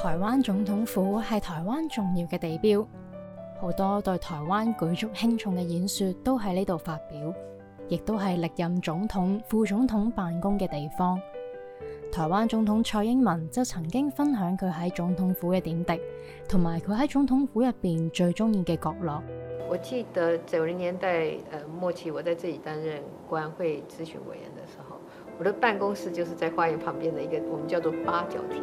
台灣總統府係台灣重要嘅地標，好多對台灣舉足輕重嘅演說都喺呢度發表，亦都係歷任總統、副總統辦公嘅地方。台灣總統蔡英文就曾經分享佢喺總統府嘅點滴，同埋佢喺總統府入邊最中意嘅角落。我記得九零年代末期，我在這裏擔任國安會諮詢委員嘅時候，我的辦公室就是在花園旁邊嘅一個，我們叫做八角亭。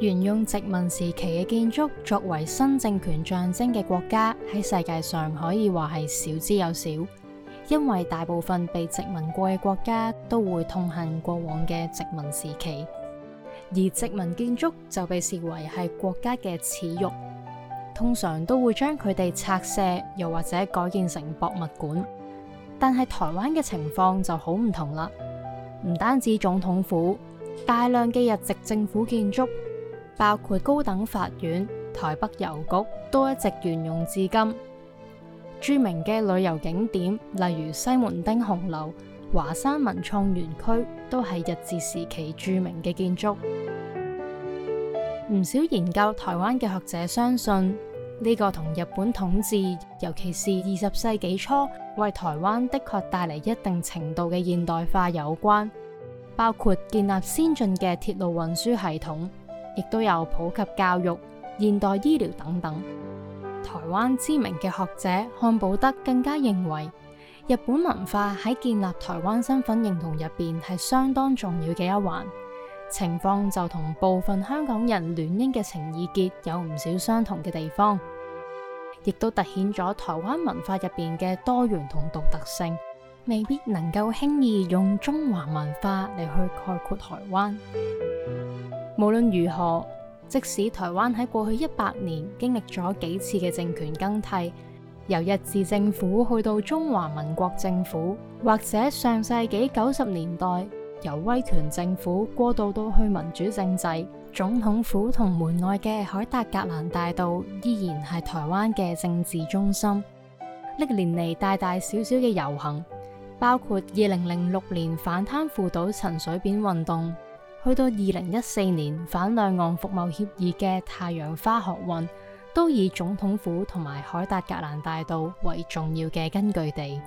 沿用殖民時期嘅建築作為新政權象徵嘅國家喺世界上可以話係少之又少，因為大部分被殖民過嘅國家都會痛恨過往嘅殖民時期，而殖民建築就被視為係國家嘅恥辱，通常都會將佢哋拆卸又或者改建成博物館。但係台灣嘅情況就好唔同啦，唔單止總統府，大量嘅日籍政府建築。包括高等法院、台北郵局都一直沿用至今。著名嘅旅遊景點，例如西門町紅樓、華山文創園區，都係日治時期著名嘅建築。唔少研究台灣嘅學者相信，呢個同日本統治，尤其是二十世紀初，為台灣的確帶嚟一定程度嘅現代化有關，包括建立先進嘅鐵路運輸系統。亦都有普及教育、現代醫療等等。台灣知名嘅學者漢寶德更加認為，日本文化喺建立台灣身份認同入邊係相當重要嘅一環。情況，就同部分香港人戀英嘅情意結有唔少相同嘅地方，亦都凸顯咗台灣文化入邊嘅多元同獨特性，未必能夠輕易用中華文化嚟去概括台灣。無論如何，即使台灣喺過去一百年經歷咗幾次嘅政權更替，由日治政府去到中華民國政府，或者上世紀九十年代由威權政府過渡到去民主政制，總統府同門外嘅凱達格蘭大道依然係台灣嘅政治中心。歷年嚟大大小小嘅遊行，包括二零零六年反貪腐倒陳水扁運動。去到二零一四年反兩岸服務協議嘅太陽花學運，都以總統府同埋凱達格蘭大道為重要嘅根據地。